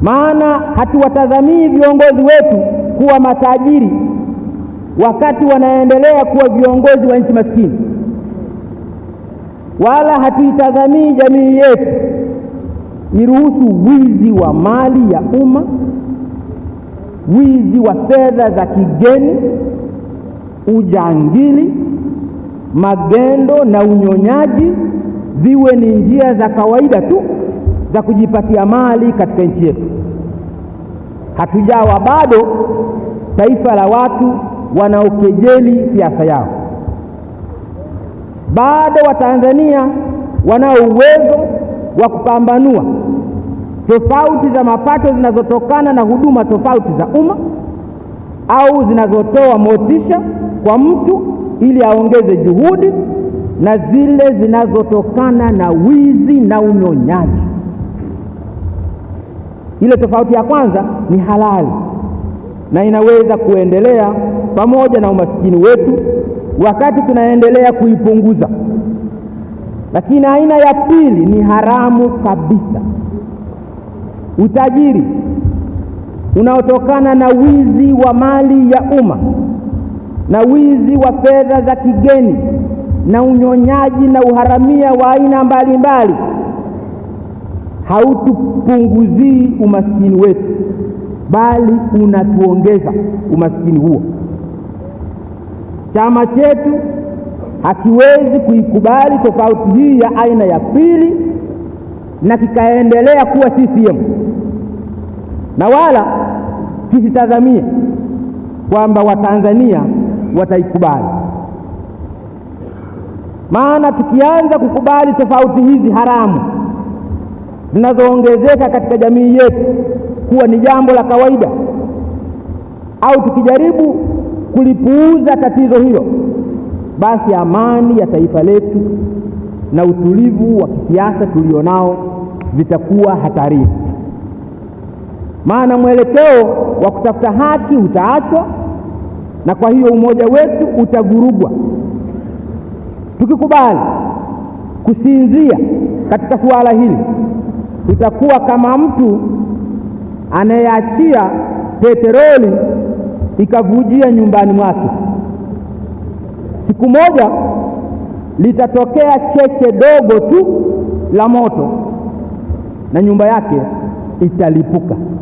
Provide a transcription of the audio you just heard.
Maana hatuwatazamii viongozi wetu kuwa matajiri wakati wanaendelea kuwa viongozi wa nchi maskini, wala hatuitazamii jamii yetu iruhusu wizi wa mali ya umma, wizi wa fedha za kigeni, ujangili, magendo na unyonyaji viwe ni njia za kawaida tu za kujipatia mali katika nchi yetu hatujawa bado taifa la watu wanaokejeli siasa yao. Bado Watanzania wanao uwezo wa kupambanua tofauti za mapato zinazotokana na huduma tofauti za umma au zinazotoa motisha kwa mtu ili aongeze juhudi na zile zinazotokana na wizi na unyonyaji. Ile tofauti ya kwanza ni halali na inaweza kuendelea pamoja na umasikini wetu, wakati tunaendelea kuipunguza. Lakini aina ya pili ni haramu kabisa, utajiri unaotokana na wizi wa mali ya umma na wizi wa fedha za kigeni na unyonyaji na uharamia wa aina mbalimbali mbali hautupunguzii umaskini wetu, bali unatuongeza umaskini huo. Chama chetu hakiwezi kuikubali tofauti hii ya aina ya pili na kikaendelea kuwa CCM, na wala kisitazamie kwamba Watanzania wataikubali. Maana tukianza kukubali tofauti hizi haramu zinazoongezeka katika jamii yetu kuwa ni jambo la kawaida, au tukijaribu kulipuuza tatizo hilo, basi amani ya taifa letu na utulivu wa kisiasa tulionao vitakuwa hatarini. Maana mwelekeo wa kutafuta haki utaachwa, na kwa hiyo umoja wetu utavurugwa. Tukikubali kusinzia katika suala hili itakuwa kama mtu anayeachia petroli ikavujia nyumbani mwake. Siku moja litatokea cheche dogo tu la moto na nyumba yake italipuka.